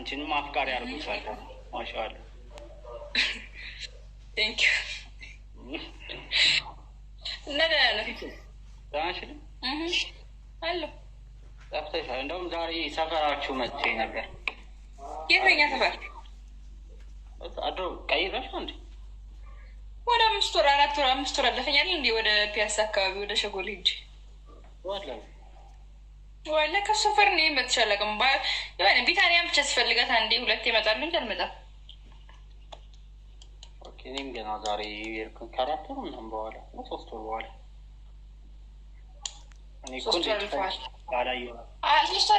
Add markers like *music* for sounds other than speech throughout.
አንቺንም አፍቃሪ ያርጉሻል። ማሻአላ ቴንክ ዩ እንደውም ዛሬ ሰፈራችሁ መቼ ነበር? የትኛ ሰፈር? አድሮ ቀይረሽ እንዴ? ወደ አምስት ወር አራት ወር አምስት ወር አለፈኛል እንዲ ወደ ፒያሳ አካባቢ ወደ ሸጎል ሂጅ ወይኔ ከሱ ሰፈር ነው የምትሸለቅም። ቢታንያ ብቻ ስፈልጋት አንዴ ሁለት ይመጣሉ እንጂ አልመጣም። እኔም ገና ዛሬ የሄድኩኝ ከአራት ወር ምናምን በኋላ ሶስት ወር በኋላ ሶስት ወር አልፈዋል። አምስት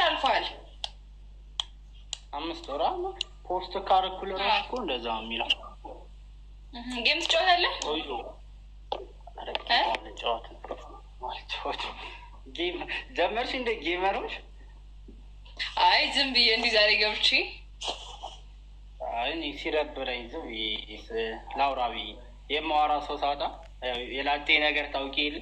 ወር አለ ፖስት ካረኩለ እኮ እንደዛ የሚላ ጌም ትጫወታለህ ጨዋታ ጀመርሽ እንደ ጌመሮች? አይ ዝም ብዬ እንዲህ ዛሬ ገብቼ እኔ ሲረብረኝ ዝም ላውራ ብዬ የማወራ ሰው ሳጣ የላጤ ነገር ታውቂ የለ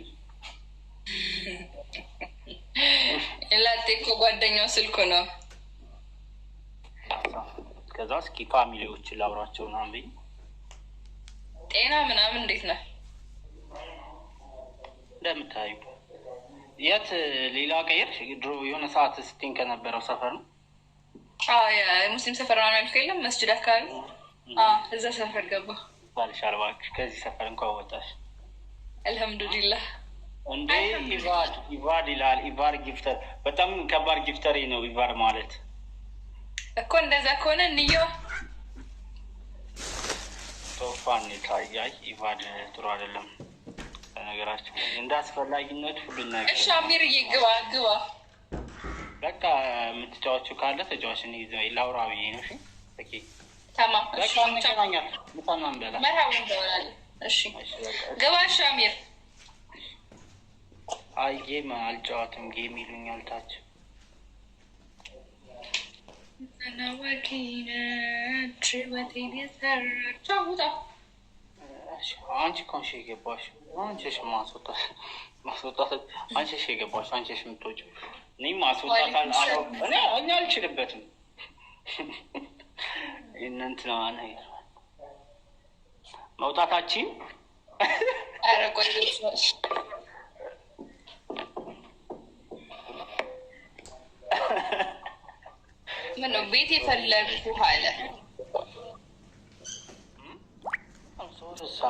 የላጤ እኮ ጓደኛው ስልኩ ነው። ከዛ እስኪ ፋሚሊዎችን ላውራቸው ምናምን ብዬ ጤና ምናምን እንዴት ነህ እንደምታዩ የት ሌላ ቀይር ድሮ የሆነ ሰዓት ስቲን ከነበረው ሰፈር ነው ሙስሊም ሰፈር ነው ያልኩ የለም መስጅድ አካባቢ እዛ ሰፈር ገባ ባልሻል እባክሽ ከዚህ ሰፈር እንኳ ወጣሽ አልሐምዱሊላህ እንዴ ኢቫድ ኢቫድ ይላል ኢቫር ጊፍተር በጣም ከባድ ጊፍተሪ ነው ኢቫር ማለት እኮ እንደዛ ከሆነ እንየው ቶፋን ታያይ ኢቫድ ጥሩ አይደለም በነገራችን እንደ አስፈላጊነት ሁሉን ነገር እሺ። አሚርዬ ግባ ግባ፣ በቃ የምትጫወችው ካለ ተጫዋች። እኔ እዛ ላውራ ብዬ ነው። እሺ ግባሽ አሚር። አይ ጌም አልጫወትም፣ ጌም ይሉኛል ታች አንቺ ኮንሽ የገባሽው አንቺሽ ማስወጣት ማስወጣት አንቺሽ የገባሽ አንቺሽ የምትወጪ እኔ ማስወጣት እኔ አልችልበትም። ይህንንት ነው ነገር መውጣታችን ምን ነው ቤት የፈለግኩ አለ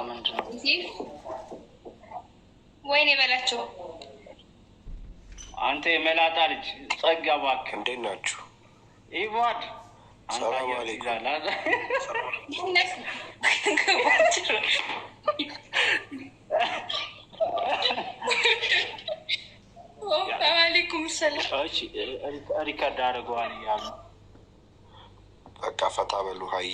ምንድን ነው ወይኔ በላቸው። አንተ የመላጣ ልጅ ጸጋ እባክህ፣ እንዴት ናችሁ? ኢቫድ ሰላም አለይኩም። አለይኩም አለይኩም ሪከርድ አድርገዋል እያሉ በቃ ፈታ በሉ ሀዬ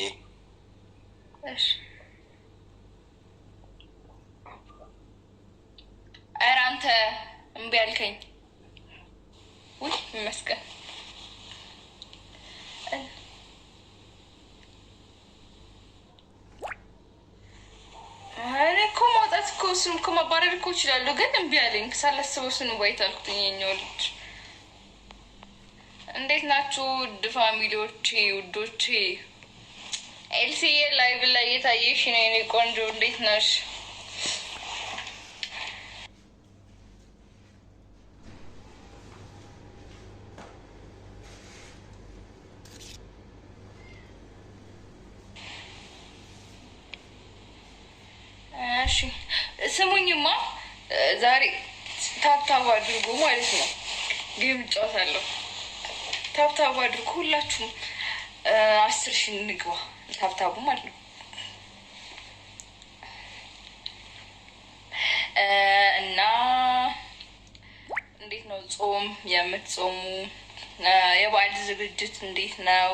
አንተ እምቢ አልከኝ። ውይ ይመስገን። እኔ እኮ ማውጣት እኮ እሱን እኮ ማባረር እኮ እችላለሁ፣ ግን እምቢ አለኝ። ሳላስበው እሱን ዋይት አልኩትኝ። የእኛው ልጅ እንዴት ናችሁ? ውድ ፋሚሊዎቼ፣ ውዶቼ ኤልሲዬ ላይቭ ላይ እየታየሽ ነው የኔ ቆንጆ፣ እንዴት ነሽ? ታብታብ አድርጉ ሁላችሁም አስር ሺ ንግባ ታብታቡ ማለት ነው። እና እንዴት ነው ጾም የምትጾሙ? የበዓል ዝግጅት እንዴት ነው?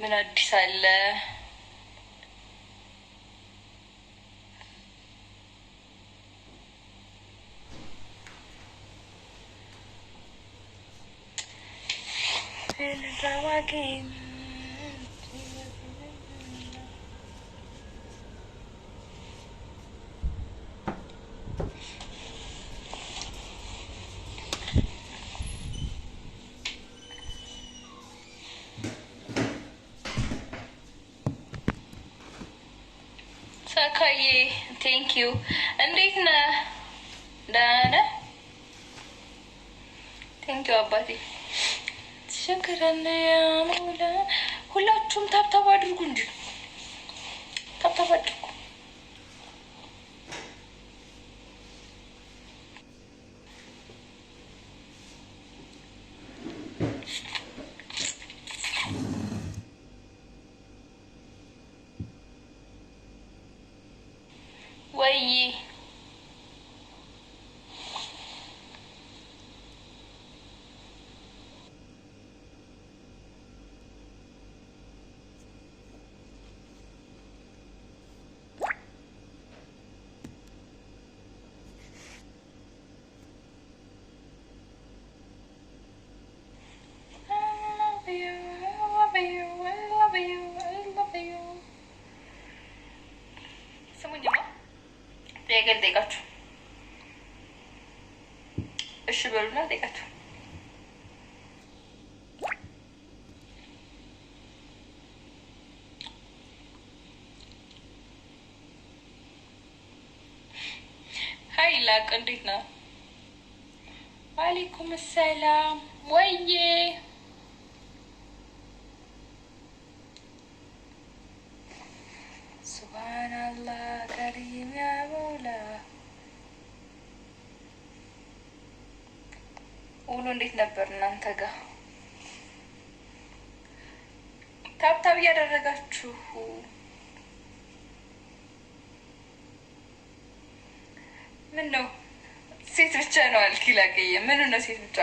ምን አዲስ አለ? flower Thank you. And right now, Dana, thank you, buddy. ሽክርን ሁላችሁም ታብታብ አድርጉ እንዲሁ ታብታብ አድርጉ። ጥያቄ ልጠይቃችሁ። እሺ በሉና ልጠይቃችሁ። ሀይ ላቅ እንዴት ነው? ዋሌይኩም ሰላም ወዬ ሱብሃናላህ ውሎ እንዴት ነበር እናንተ ጋር? ታብታብ እያደረጋችሁ ምን ነው ሴት ብቻ ነው አልኪ ላቀየ ምን ነው ሴት ብቻ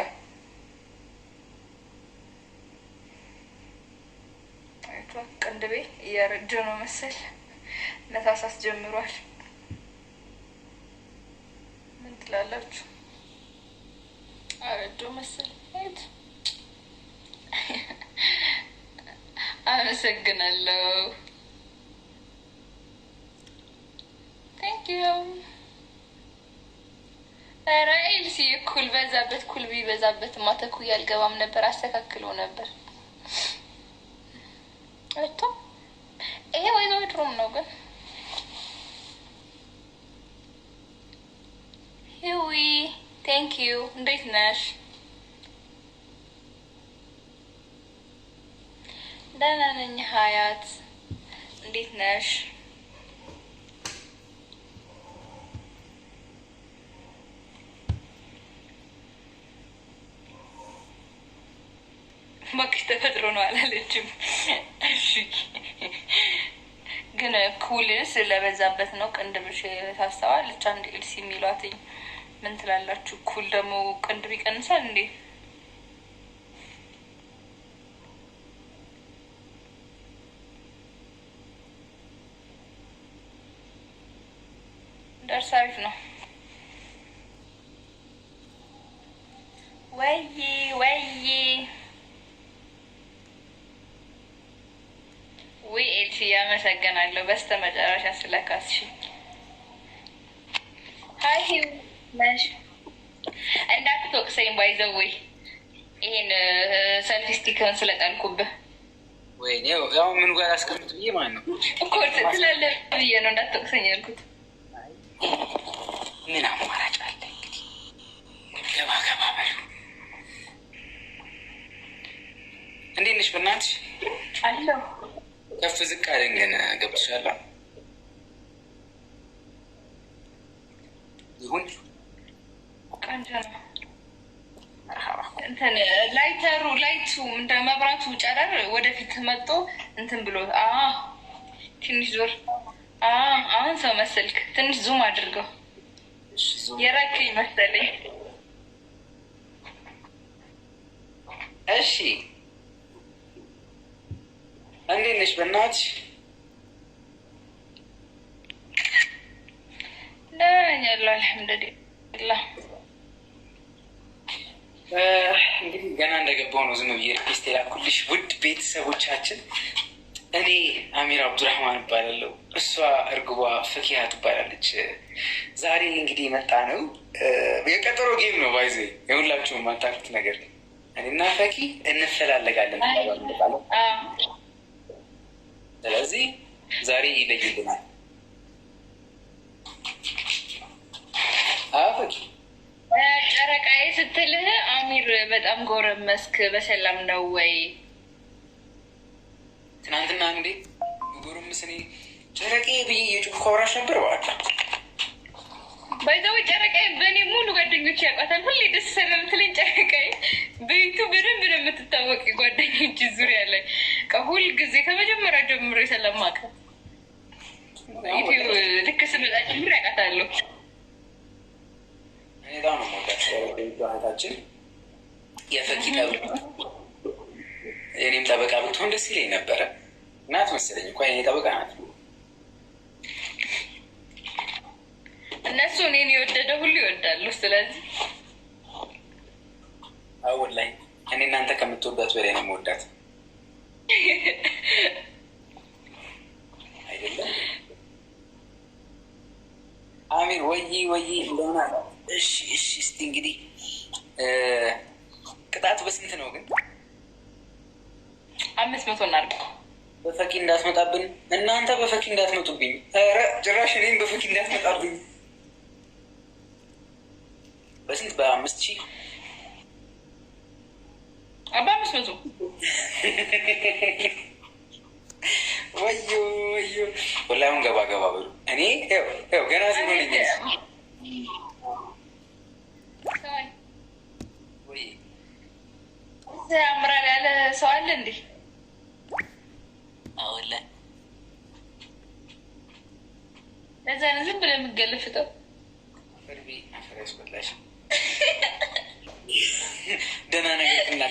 ቅንድቤ እያረጀ ነው መሰል ነታሳስ ጀምሯል። ምን ትላላችሁ? አረዶ መሰለኝ። አመሰግናለሁ። ቴንኪዩ። ኧረ ኤልሲ እኩል በዛበት ኩል ቢበዛበት ማተኩ ያልገባም ነበር አስተካክሎ ነበር እቶ ይሄ ወይዘሮ ድሮም ነው ግን ቴንክ ዩ። እንዴት ነሽ? ደህና ነኝ ሀያት፣ እንዴት ነሽ? እባክሽ ተፈጥሮ ነው አላለችም። እሺ ግን ኩል ስለበዛበት ነው ቅንድምሽ ታስተዋለች። አንድ ኤልሲ የሚሏትኝ ምን ትላላችሁ? ኩል ደግሞ ቅንድብ ይቀንሳል እንዴ? ደርስ አሪፍ ነው ወይ ወይ ወይ ኤልሲ በስተ መጨረሻ ስለካስሽ ይሄን ሳልፊስቲክህን ስለጣልኩብህ ወይኔ ያው ምን ጋር አስቀምጥ ብዬ ማለት ነው እኮ ስላለ ብዬ ነው እንዳትጠቅሰኝ ያልኩት። ምን አማራጭ አለ እንግዲህ ገባ ገባ በሉ። እንዴት ነሽ ከፍ ዝቅ አለኝ ግን ይሁን ቆንጆ ነው። እንትን ላይተሩ ላይቱ እንደ መብራቱ ጨረር ወደፊት መጥቶ እንትን ብሎ ትንሽ ዞር። አሁን ሰው መሰልክ። ትንሽ ዙም አድርገው። የራከኝ መሰለኝ። እሺ እንዴት ነሽ? በእናትሽ ደህና ነኝ አለሁ። አልሐምዱሊላህ እንግዲህ ገና እንደገባው ነው ዝም ብዬ ሪኩዌስት የላኩልሽ ውድ ቤተሰቦቻችን። እኔ አሚር አብዱራህማን እባላለሁ። እሷ እርግቧ ፈኪያ ትባላለች። ዛሬ እንግዲህ መጣ ነው የቀጠሮ ጌም ነው ባይዘ የሁላችሁም ማታክት ነገር እኔና ፈኪ እንፈላለጋለን። ስለዚህ ዛሬ ይለይልናል። አዎ ፈኪ ጨረቃዬ ስትልህ አሚር በጣም ጎረመስክ። በሰላም ነው ወይ? ትናንትና እንዴ ጎረምስ እኔ ጨረቄ ብዬ የጮኩ አውራሽ ነበር። በቃ ባይዛዊ ጨረቃዬ በእኔ ሙሉ ጓደኞች ያውቋታል። ሁሌ ደስ ስለምትለኝ ጨረቃዬ በይቱ በደንብ ነው የምትታወቅ። ጓደኞች ዙሪያ ላይ ከሁል ጊዜ ከመጀመሪያ ጀምሮ የሰለማቀ ማቀ ልክ ስመጣ ጀምር ያውቃታለሁ በጣም ነው የምወዳቸው እህታችን የፈኪ ጠበቃ የኔም ጠበቃ ብትሆን ደስ ይለኝ ነበረ። እናት መሰለኝ እንኳ የኔ ጠበቃ ናት። እነሱ እኔን የወደደ ሁሉ ይወዳሉ። ስለዚህ አሁን ላይ እኔ እናንተ ከምትወዳት በላይ ነው የምወዳት *laughs* አይደለም አሚር ወይ ወይ እንደሆነ እሺ፣ እሺ። እስቲ እንግዲህ ቅጣት በስንት ነው ግን? አምስት መቶ እናድርግ። በፈኪ እንዳትመጣብን እናንተ፣ በፈኪ እንዳትመጡብኝ። ኧረ ጭራሽ እኔም በፈኪ እንዳትመጣብኝ። በስንት? በአምስት ሺህ በአምስት መቶ ወዮ ወዮ። ወላሂ ገባ ገባ በሉ እኔ ገና ዝም ነኝ። ያምራል ያለ ሰው አለ እንዴ? አወላሂ ለዛ ነው ዝም ብለህ የምትገለፍጠው። ደህና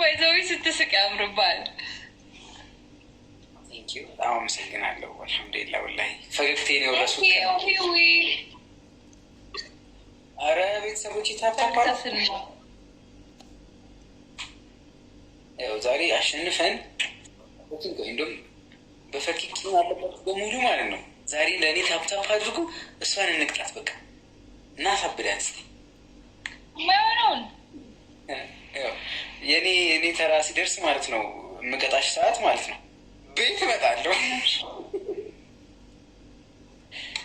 ወይዘዊ ስትስቅ ያምርብሃል። ዩ አመሰግናለሁ። ወላሂ ፈገግቴ ነው ቤተሰቦች ታብታባል። ያው ዛሬ አሸንፈን በሙሉ ማለት ነው። ዛሬ ለእኔ አድርጉ። እሷን እንቅጣት በቃ ተራ ሲደርስ ማለት ነው የምቀጣሽ ሰዓት ማለት ነው ቤት እመጣለሁ።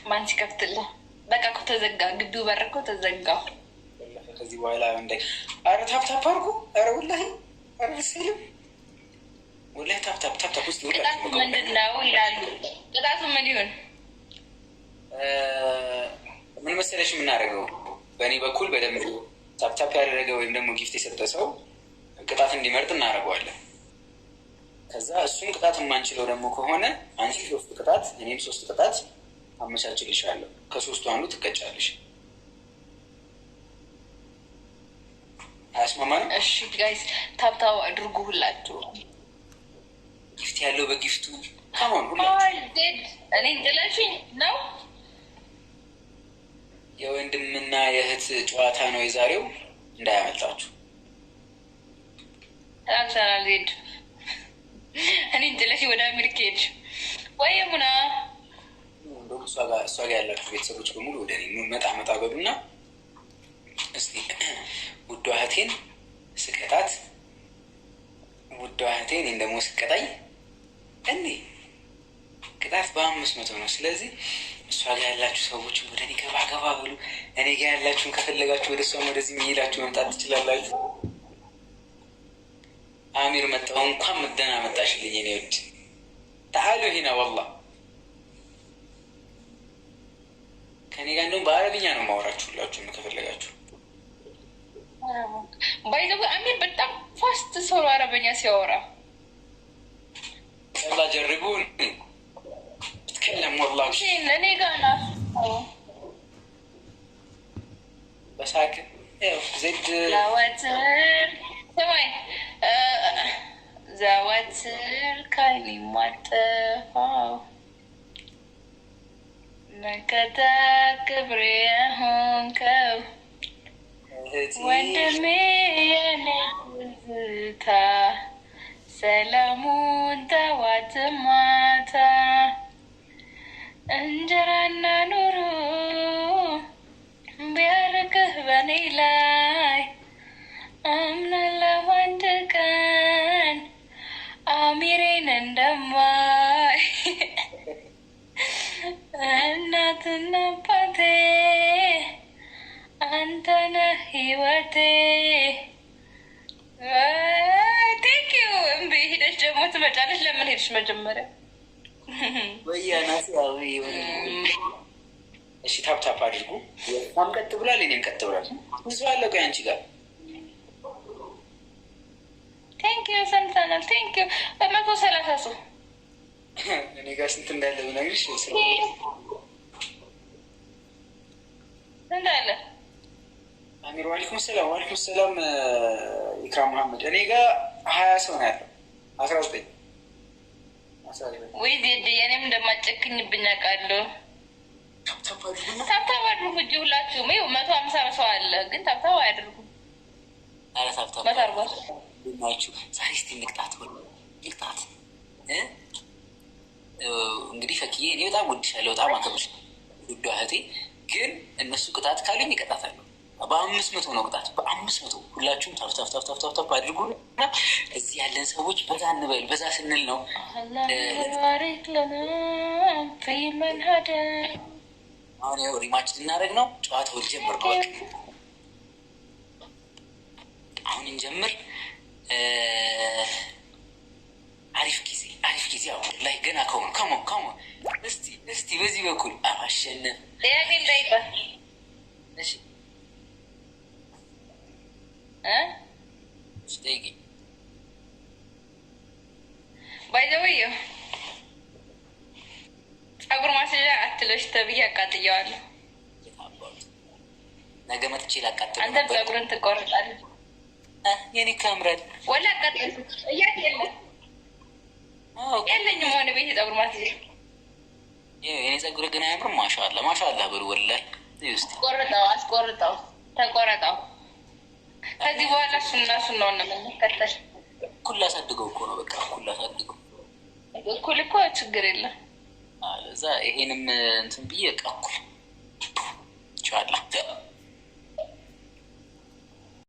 ማን ሲከፍትልህ? በቃ እኮ ተዘጋ፣ ግቢው በር እኮ ተዘጋ። ከዚህ በኋላ እንደ አረ ታፕታፕ አድርጎ አረ ወላሂ አረ ስልም ወላሂ ታፕታፕ ታፕታፕ ውስጥ ቅጣቱ ምንድን ነው ይላሉ። ቅጣቱ ምን ይሆን? ምን መሰለሽ የምናደርገው በእኔ በኩል በደንብ ታፕታፕ ያደረገ ወይም ደግሞ ጊፍት የሰጠ ሰው ቅጣት እንዲመርጥ እናደርገዋለን። ከዛ እሱን ቅጣት የማንችለው ደግሞ ከሆነ አንቺ ሶስት ቅጣት እኔም ሶስት ቅጣት አመቻችልሻለሁ። ከሶስቱ አንዱ ትቀጫለሽ። አያስማማንም? እሺ ጋይስ ታብታብ አድርጉ ሁላችሁ። ጊፍት ያለው በጊፍቱ ከሆን ሁላችሁ እኔ ጥላሽኝ ነው። የወንድምና የእህት ጨዋታ ነው የዛሬው፣ እንዳያመልጣችሁ። ታብታብ ዜድ እኔ ጥለሽ ወደ አሜሪካ ሄድሽ ወይ ሙና እሷ ጋር ያላችሁ ቤተሰቦች በሙሉ ወደ እኔ መጣ መጣ በሉና እስቲ ውዷ እህቴን ስቀጣት፣ ውዷ እህቴ እኔን ደግሞ ስቀጣኝ፣ እኔ ቅጣት በአምስት መቶ ነው። ስለዚህ እሷ ጋር ያላችሁ ሰዎች ወደ እኔ ገባ ገባ ብሉ። እኔ ጋር ያላችሁን ከፈለጋችሁ ወደ እሷም ወደዚህ የሚሄዳችሁ መምጣት ትችላላችሁ። آمير متى كم مدنا متاش اللي ينيرد تعالوا هنا والله كان يقال نوم بارا بني أنا ما وراتش ولا أجو مكفر لقاتو باي ذو أمير بدأ فاست سولو أرا بني سيورا يلا جربوني بتكلم والله شين لني قانا بس هاك إيه، زيد لا واتر سمعي ዘወትር ከዓይኔ የማጠፋው መከታ ክብሬ የሆንከው ወንድሜ የኔ ትዝታ ሰላሙን ጠዋት ማታ እንጀራና እናትና አባቴ አንተነ ህይወቴ ቴንኪው። እምቢ ሄደች ደግሞ ትመጫለች። ለምን ሄደች መጀመሪያ? እሺ ታፕታፕ አድርጉ። ም ቀጥ ብሏል፣ እኔም ቀጥ ብሏል። ብዙ አለው ቆይ አንቺ ጋር ቴንኪው ሰምተናል። ቴንኪው በመቶ ሰላሳ ሰው እኔ ጋር ስንት እንዳለ ብነግርሽ እንዳለ አሚር ዋሊኩም ሰላም ዋሊኩም ሰላም ኢክራ መሐመድ እኔ ጋር ሀያ ሰው ነው ያለው አስራ ዘጠኝ ወይ ዜድ የኔም እንደማጨክኝብኝ አውቃለሁ። ታብታብ አድርጉ እጅ ሁላችሁም ይኸው መቶ ሀምሳ ሰው አለ፣ ግን ታብታብ አያደርጉ መቶ አርጓል ናችሁ። ዛሬ ስቲ ንቅጣት ንቅጣት። እንግዲህ ፈክዬ እኔ በጣም ወድሻለሁ፣ በጣም አከብርሻለሁ ውዷ እህቴ ግን እነሱ ቅጣት ካለኝ ይቀጣታሉ። በአምስት መቶ ነው ቅጣት፣ በአምስት መቶ ሁላችሁም ታፍታፍታፍታፍታፍ አድርጉ እና እዚህ ያለን ሰዎች በዛ እንበል። በዛ ስንል ነው አሁን ያው ሪማች ልናደርግ ነው። ጨዋታው ልጀምር ከወቅ አሁን እንጀምር። አሪፍ ጊዜ አሪፍ ጊዜ አሁን ላይ ገና ከሆን ከሞ ከሞ እስቲ እስቲ በዚህ በኩል አሸነ ባይዘወየ ጸጉር ማስያዣ አትለሽ ተብዬ አቃጥየዋለሁ። ነገ መጥቼ ላቃጥል። አንተም ጸጉርን ትቆርጣለህ። የኔ ካምራል ወላ አቃጥል እያት የለም የለኝም ሆነ ቤት የጸጉር ማለት የኔ ጸጉር ግን አያምርም። ማሻላ ማሻላ ብር ወላሂ አስቆርጠው አስቆርጠው ተቆረጠው። ከዚህ በኋላ እሱና እሱን ነው የምንከተል። እኩል አሳድገው እኮ ነው በቃ እኩል አሳድገው። እኩል እኮ ችግር የለም። እዛ ይሄንም እንትን ብዬ እቃ እኩል ይቻላ